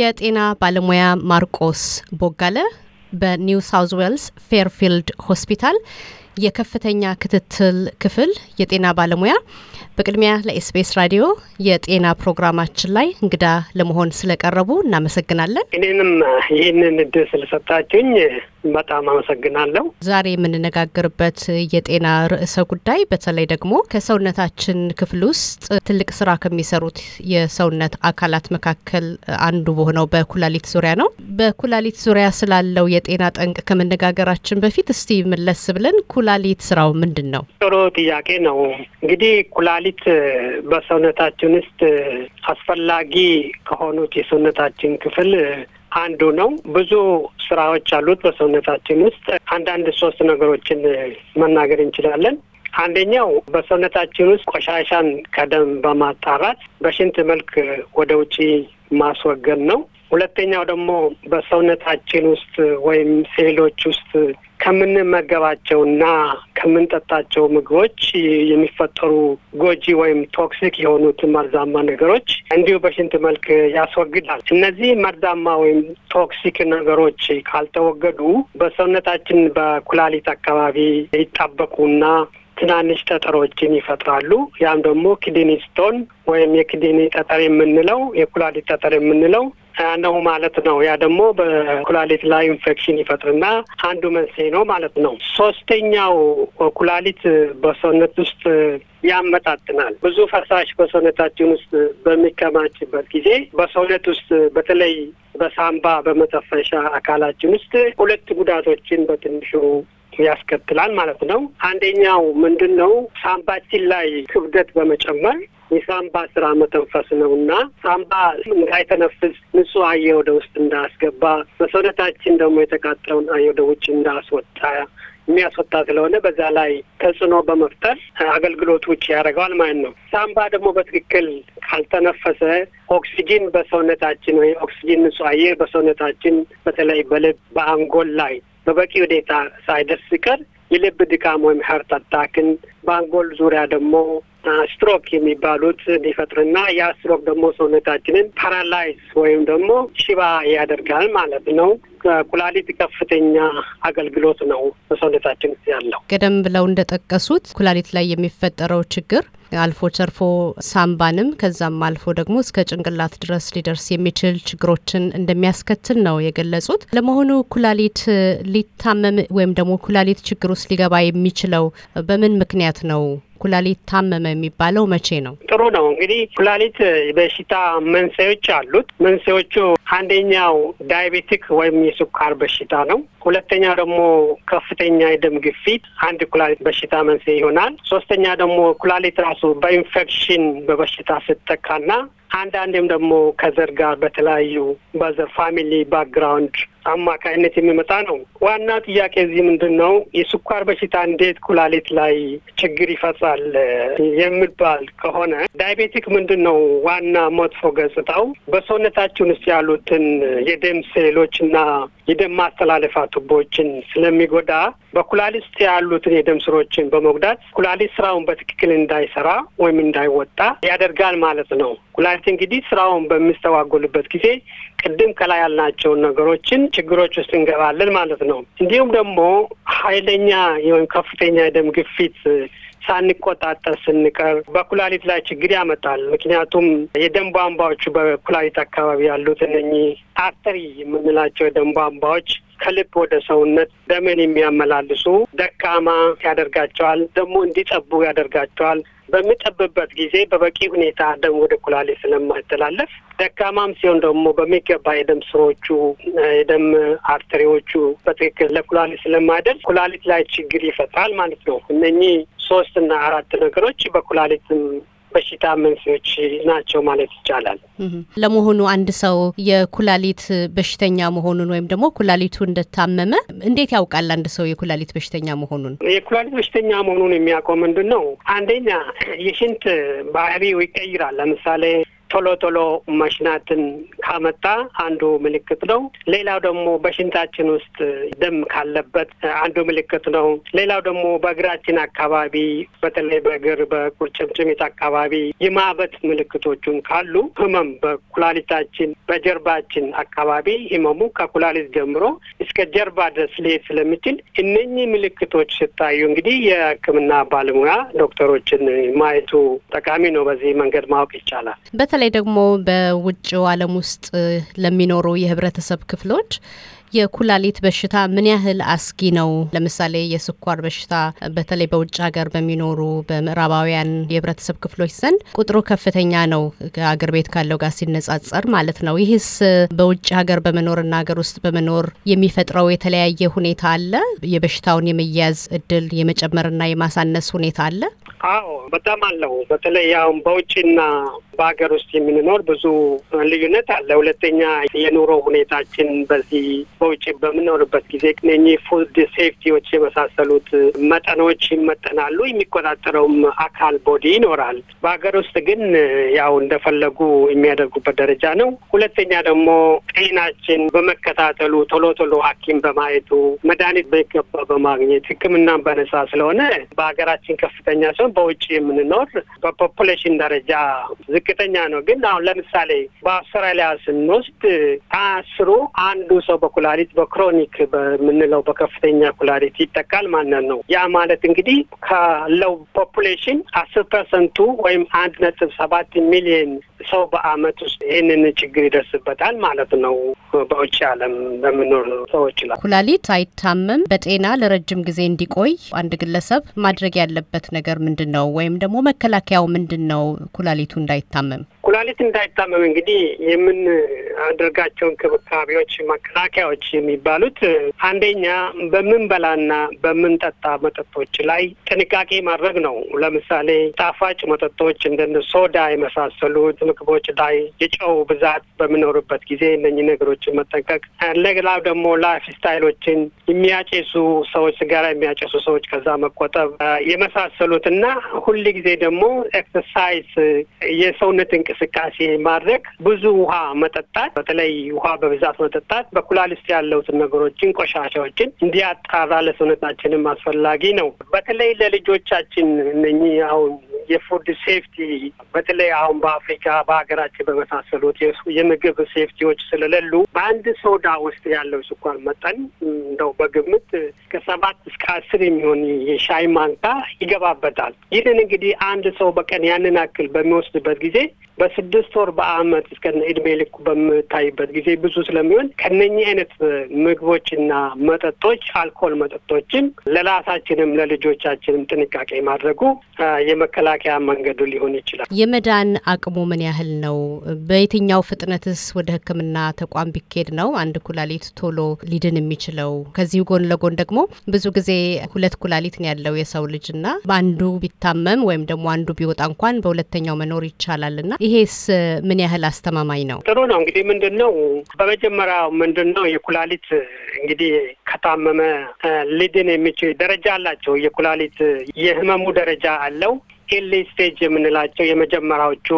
የጤና ባለሙያ ማርቆስ ቦጋለ በኒው ሳውዝ ዌልስ ፌርፊልድ ሆስፒታል የከፍተኛ ክትትል ክፍል የጤና ባለሙያ በቅድሚያ ለኤስቢኤስ ራዲዮ የጤና ፕሮግራማችን ላይ እንግዳ ለመሆን ስለቀረቡ እናመሰግናለን። እኔንም ይህንን እድል ስለሰጣችሁኝ በጣም አመሰግናለሁ። ዛሬ የምንነጋገርበት የጤና ርዕሰ ጉዳይ በተለይ ደግሞ ከሰውነታችን ክፍል ውስጥ ትልቅ ስራ ከሚሰሩት የሰውነት አካላት መካከል አንዱ በሆነው በኩላሊት ዙሪያ ነው። በኩላሊት ዙሪያ ስላለው የጤና ጠንቅ ከመነጋገራችን በፊት እስቲ መለስ ብለን ኩላሊት ስራው ምንድን ነው? ጥሩ ጥያቄ ነው። እንግዲህ ኩላሊት በሰውነታችን ውስጥ አስፈላጊ ከሆኑት የሰውነታችን ክፍል አንዱ ነው። ብዙ ስራዎች አሉት በሰውነታችን ውስጥ። አንዳንድ ሶስት ነገሮችን መናገር እንችላለን። አንደኛው በሰውነታችን ውስጥ ቆሻሻን ከደም በማጣራት በሽንት መልክ ወደ ውጪ ማስወገድ ነው። ሁለተኛው ደግሞ በሰውነታችን ውስጥ ወይም ሴሎች ውስጥ ከምንመገባቸውና ከምንጠጣቸው ምግቦች የሚፈጠሩ ጎጂ ወይም ቶክሲክ የሆኑት መርዛማ ነገሮች እንዲሁ በሽንት መልክ ያስወግዳል። እነዚህ መርዛማ ወይም ቶክሲክ ነገሮች ካልተወገዱ በሰውነታችን በኩላሊት አካባቢ ይጣበቁና ትናንሽ ጠጠሮችን ይፈጥራሉ። ያም ደግሞ ኪድኒ ስቶን ወይም የኪድኒ ጠጠር የምንለው የኩላሊት ጠጠር የምንለው ነው ማለት ነው። ያ ደግሞ በኩላሊት ላይ ኢንፌክሽን ይፈጥርና አንዱ መንስኤ ነው ማለት ነው። ሶስተኛው ኩላሊት በሰውነት ውስጥ ያመጣጥናል። ብዙ ፈሳሽ በሰውነታችን ውስጥ በሚከማችበት ጊዜ በሰውነት ውስጥ በተለይ በሳምባ በመተፈሻ አካላችን ውስጥ ሁለት ጉዳቶችን በትንሹ ያስከትላል ማለት ነው። አንደኛው ምንድን ነው? ሳምባችን ላይ ክብደት በመጨመር የሳምባ ስራ መተንፈስ ነው እና ሳምባ እንዳይተነፍስ ንጹህ አየር ወደ ውስጥ እንዳስገባ በሰውነታችን ደግሞ የተቃጠለውን አየር ወደ ውጭ እንዳስወጣ የሚያስወጣ ስለሆነ በዛ ላይ ተጽዕኖ በመፍጠር አገልግሎት ውጭ ያደርገዋል ማለት ነው። ሳምባ ደግሞ በትክክል ካልተነፈሰ ኦክሲጂን በሰውነታችን ወይ ኦክሲጂን ንጹህ አየር በሰውነታችን በተለይ በልብ በአንጎል ላይ በበቂ ሁኔታ ሳይደርስ ሲቀር የልብ ድካም ወይም ሀርት አታክን በአንጎል ዙሪያ ደግሞ ስትሮክ የሚባሉት ሊፈጥርና ያ ስትሮክ ደግሞ ሰውነታችንን ፓራላይዝ ወይም ደግሞ ሽባ ያደርጋል ማለት ነው። ኩላሊት ከፍተኛ አገልግሎት ነው በሰውነታችን ያለው። ቀደም ብለው እንደጠቀሱት ኩላሊት ላይ የሚፈጠረው ችግር አልፎ ተርፎ ሳምባንም ከዛም አልፎ ደግሞ እስከ ጭንቅላት ድረስ ሊደርስ የሚችል ችግሮችን እንደሚያስከትል ነው የገለጹት። ለመሆኑ ኩላሊት ሊታመም ወይም ደግሞ ኩላሊት ችግር ውስጥ ሊገባ የሚችለው በምን ምክንያት ማለት ነው። ኩላሊት ታመመ የሚባለው መቼ ነው? ጥሩ ነው እንግዲህ ኩላሊት በሽታ መንስኤዎች አሉት። መንስኤዎቹ አንደኛው ዳያቤቲክ ወይም የስኳር በሽታ ነው። ሁለተኛው ደግሞ ከፍተኛ የደም ግፊት አንድ ኩላሊት በሽታ መንስኤ ይሆናል። ሶስተኛ ደግሞ ኩላሊት ራሱ በኢንፌክሽን በበሽታ ስትጠቃና አንዳንድም ደግሞ ከዘር ጋር በተለያዩ በዘር ፋሚሊ ባክግራውንድ አማካይነት የሚመጣ ነው። ዋና ጥያቄ እዚህ ምንድን ነው? የስኳር በሽታ እንዴት ኩላሊት ላይ ችግር ይፈጽማል ይባል የሚባል ከሆነ ዳይቤቲክ ምንድን ነው ዋና መጥፎ ገጽታው? በሰውነታችን ውስጥ ያሉትን የደም ሴሎች እና የደም ማስተላለፊያ ቱቦችን ስለሚጎዳ በኩላሊት ውስጥ ያሉትን የደም ስሮችን በመጉዳት ኩላሊት ስራውን በትክክል እንዳይሰራ ወይም እንዳይወጣ ያደርጋል ማለት ነው። ኩላሊት እንግዲህ ስራውን በሚስተዋጎልበት ጊዜ ቅድም ከላይ ያልናቸውን ነገሮችን ችግሮች ውስጥ እንገባለን ማለት ነው። እንዲሁም ደግሞ ኃይለኛ ወይም ከፍተኛ የደም ግፊት ሳንቆጣጠር ስንቀር በኩላሊት ላይ ችግር ያመጣል። ምክንያቱም የደም ቧንቧዎቹ በኩላሊት አካባቢ ያሉት እነኚህ አርተሪ የምንላቸው የደም ቧንቧዎች ከልብ ወደ ሰውነት ደምን የሚያመላልሱ ደካማ ያደርጋቸዋል። ደግሞ እንዲጠቡ ያደርጋቸዋል። በሚጠብበት ጊዜ በበቂ ሁኔታ ደም ወደ ኩላሌ ስለማይተላለፍ ደካማም ሲሆን ደግሞ በሚገባ የደም ስሮቹ የደም አርተሪዎቹ በትክክል ለኩላሊት ስለማይደርስ ኩላሊት ላይ ችግር ይፈጥራል ማለት ነው። እነኚህ ሶስት እና አራት ነገሮች በኩላሊትም በሽታ መንስኤዎች ናቸው ማለት ይቻላል። ለመሆኑ አንድ ሰው የኩላሊት በሽተኛ መሆኑን ወይም ደግሞ ኩላሊቱ እንደታመመ እንዴት ያውቃል? አንድ ሰው የኩላሊት በሽተኛ መሆኑን የኩላሊት በሽተኛ መሆኑን የሚያውቀው ምንድን ነው? አንደኛ የሽንት ባህሪው ይቀይራል። ለምሳሌ ቶሎ ቶሎ መሽናትን ካመጣ አንዱ ምልክት ነው። ሌላው ደግሞ በሽንታችን ውስጥ ደም ካለበት አንዱ ምልክት ነው። ሌላው ደግሞ በእግራችን አካባቢ በተለይ በእግር በቁርጭምጭሚት አካባቢ የማበት ምልክቶቹን ካሉ ህመም በኩላሊታችን በጀርባችን አካባቢ ህመሙ ከኩላሊት ጀምሮ እስከ ጀርባ ድረስ ሊሄድ ስለሚችል እነኚህ ምልክቶች ስታዩ እንግዲህ የህክምና ባለሙያ ዶክተሮችን ማየቱ ጠቃሚ ነው። በዚህ መንገድ ማወቅ ይቻላል። በተለይ ደግሞ በውጭው ዓለም ውስጥ ለሚኖሩ የህብረተሰብ ክፍሎች የኩላሊት በሽታ ምን ያህል አስጊ ነው? ለምሳሌ የስኳር በሽታ በተለይ በውጭ ሀገር በሚኖሩ በምዕራባውያን የህብረተሰብ ክፍሎች ዘንድ ቁጥሩ ከፍተኛ ነው፣ ከአገር ቤት ካለው ጋር ሲነጻጸር ማለት ነው። ይህስ በውጭ ሀገር በመኖርና ሀገር ውስጥ በመኖር የሚፈጥረው የተለያየ ሁኔታ አለ? የበሽታውን የመያዝ እድል የመጨመርና የማሳነስ ሁኔታ አለ? አዎ፣ በጣም አለው። በተለይ አሁን በውጭና በሀገር ውስጥ ውስጥ የምንኖር ብዙ ልዩነት አለ። ሁለተኛ የኑሮ ሁኔታችን በዚህ በውጭ በምንኖርበት ጊዜ እነኚህ ፉድ ሴፍቲዎች የመሳሰሉት መጠኖች ይመጠናሉ። የሚቆጣጠረውም አካል ቦዲ ይኖራል። በሀገር ውስጥ ግን ያው እንደፈለጉ የሚያደርጉበት ደረጃ ነው። ሁለተኛ ደግሞ ጤናችን በመከታተሉ ቶሎ ቶሎ ሐኪም በማየቱ መድኃኒት በይገባ በማግኘት ሕክምናን በነጻ ስለሆነ በሀገራችን ከፍተኛ ሲሆን በውጭ የምንኖር በፖፑሌሽን ደረጃ ዝቅተኛ ነው። ነው። ግን አሁን ለምሳሌ በአውስትራሊያ ስንወስድ ከአስሩ አንዱ ሰው በኩላሊት በክሮኒክ በምንለው በከፍተኛ ኩላሊት ይጠቃል ማለት ነው። ያ ማለት እንግዲህ ካለው ፖፑሌሽን አስር ፐርሰንቱ ወይም አንድ ነጥብ ሰባት ሚሊየን ሰው በአመት ውስጥ ይህንን ችግር ይደርስበታል ማለት ነው። በውጭ ዓለም በምኖር ሰዎች ላይ ኩላሊት ሳይታመም በጤና ለረጅም ጊዜ እንዲቆይ አንድ ግለሰብ ማድረግ ያለበት ነገር ምንድን ነው? ወይም ደግሞ መከላከያው ምንድን ነው? ኩላሊቱ እንዳይታመም ኩላሊት እንዳይታመም እንግዲህ የምናደርጋቸው እንክብካቤዎች መከላከያዎች የሚባሉት አንደኛ በምንበላና በምንጠጣ መጠጦች ላይ ጥንቃቄ ማድረግ ነው። ለምሳሌ ጣፋጭ መጠጦች እንደ ሶዳ የመሳሰሉት ምግቦች ላይ የጨው ብዛት በሚኖርበት ጊዜ እነኚህ ነገሮችን መጠንቀቅ። ሌላው ደግሞ ላይፍ ስታይሎችን የሚያጨሱ ሰዎች፣ ስጋራ የሚያጨሱ ሰዎች ከዛ መቆጠብ የመሳሰሉት እና ሁል ጊዜ ደግሞ ኤክሰርሳይዝ የሰውነት እንቅስቃሴ እንቅስቃሴ ማድረግ፣ ብዙ ውሃ መጠጣት፣ በተለይ ውሃ በብዛት መጠጣት በኩላል ውስጥ ያለውትን ነገሮችን ቆሻሻዎችን እንዲያጣራ ለሰውነታችንም አስፈላጊ ነው። በተለይ ለልጆቻችን እነኚህ አሁን የፉድ ሴፍቲ በተለይ አሁን በአፍሪካ በሀገራችን በመሳሰሉት የምግብ ሴፍቲዎች ስለሌሉ በአንድ ሶዳ ውስጥ ያለው ስኳር መጠን እንደው በግምት ከሰባት እስከ አስር የሚሆን የሻይ ማንካ ይገባበታል። ይህንን እንግዲህ አንድ ሰው በቀን ያንን አክል በሚወስድበት ጊዜ በስድስት ወር በአመት እስከ እድሜ ልኩ በምታይበት ጊዜ ብዙ ስለሚሆን ከነኚህ አይነት ምግቦችና መጠጦች አልኮል መጠጦችን ለራሳችንም ለልጆቻችንም ጥንቃቄ ማድረጉ የመከላ መከላከያ መንገዱ ሊሆን ይችላል። የመዳን አቅሙ ምን ያህል ነው? በየትኛው ፍጥነትስ ወደ ሕክምና ተቋም ቢኬድ ነው አንድ ኩላሊት ቶሎ ሊድን የሚችለው? ከዚህ ጎን ለጎን ደግሞ ብዙ ጊዜ ሁለት ኩላሊት ነው ያለው የሰው ልጅ ና በአንዱ ቢታመም ወይም ደግሞ አንዱ ቢወጣ እንኳን በሁለተኛው መኖር ይቻላል ና ይሄስ ምን ያህል አስተማማኝ ነው? ጥሩ ነው። እንግዲህ ምንድን ነው በመጀመሪያ ምንድን ነው የኩላሊት እንግዲህ ከታመመ ሊድን የሚችል ደረጃ አላቸው። የኩላሊት የህመሙ ደረጃ አለው። ኤርሊ ስቴጅ የምንላቸው የመጀመሪያዎቹ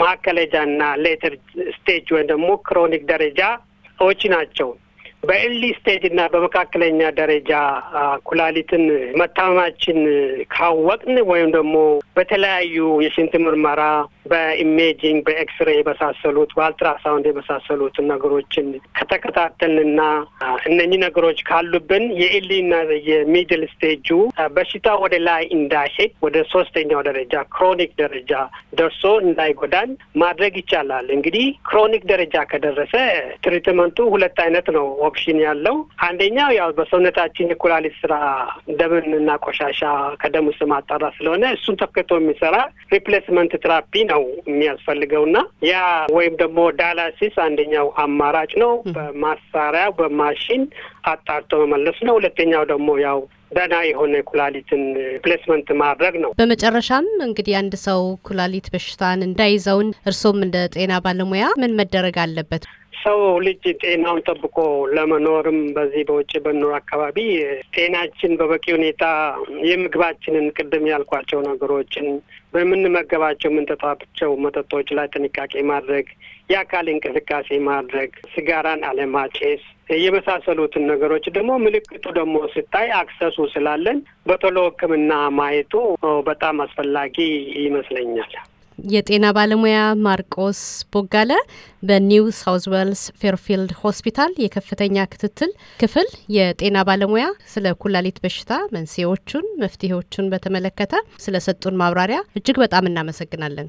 ማዕከለጃ እና ሌተር ስቴጅ ወይም ደግሞ ክሮኒክ ደረጃ ሰዎች ናቸው። በኤርሊ ስቴጅ እና በመካከለኛ ደረጃ ኩላሊትን መታመማችን ካወቅን ወይም ደግሞ በተለያዩ የሽንት ምርመራ በኢሜጂንግ በኤክስሬ የመሳሰሉት በአልትራሳውንድ የመሳሰሉት ነገሮችን ከተከታተልንና እነኚህ ነገሮች ካሉብን የኢሊና የሚድል ስቴጁ በሽታ ወደ ላይ እንዳይሄድ ወደ ሶስተኛው ደረጃ ክሮኒክ ደረጃ ደርሶ እንዳይጎዳን ማድረግ ይቻላል። እንግዲህ ክሮኒክ ደረጃ ከደረሰ ትሪትመንቱ ሁለት አይነት ነው ኦፕሽን ያለው። አንደኛው ያው በሰውነታችን የኩላሊት ስራ ደምን ቆሻሻ ከደም ውስጥ ማጣራት ስለሆነ እሱን ተከቶ የሚሰራ ሪፕሌስመንት ትራፒ ነው ነው የሚያስፈልገው እና ያ ወይም ደግሞ ዳላሲስ አንደኛው አማራጭ ነው። በማሳሪያ በማሽን አጣርቶ መመለስ ነው። ሁለተኛው ደግሞ ያው ደህና የሆነ ኩላሊትን ፕሌስመንት ማድረግ ነው። በመጨረሻም እንግዲህ አንድ ሰው ኩላሊት በሽታን እንዳይዘውን እርሶም እንደ ጤና ባለሙያ ምን መደረግ አለበት? ሰው ልጅ ጤናውን ጠብቆ ለመኖርም በዚህ በውጭ በኖር አካባቢ ጤናችን በበቂ ሁኔታ የምግባችንን ቅድም ያልኳቸው ነገሮችን በምንመገባቸው የምንጠጣቸው መጠጦች ላይ ጥንቃቄ ማድረግ፣ የአካል እንቅስቃሴ ማድረግ፣ ስጋራን አለማጨስ የመሳሰሉትን ነገሮች ደግሞ ምልክቱ ደግሞ ስታይ አክሰሱ ስላለን በቶሎ ሕክምና ማየቱ በጣም አስፈላጊ ይመስለኛል። የጤና ባለሙያ ማርቆስ ቦጋለ በኒው ሳውዝ ዌልስ ፌርፊልድ ሆስፒታል የከፍተኛ ክትትል ክፍል የጤና ባለሙያ ስለ ኩላሊት በሽታ መንስኤዎቹን፣ መፍትሄዎቹን በተመለከተ ስለሰጡን ማብራሪያ እጅግ በጣም እናመሰግናለን።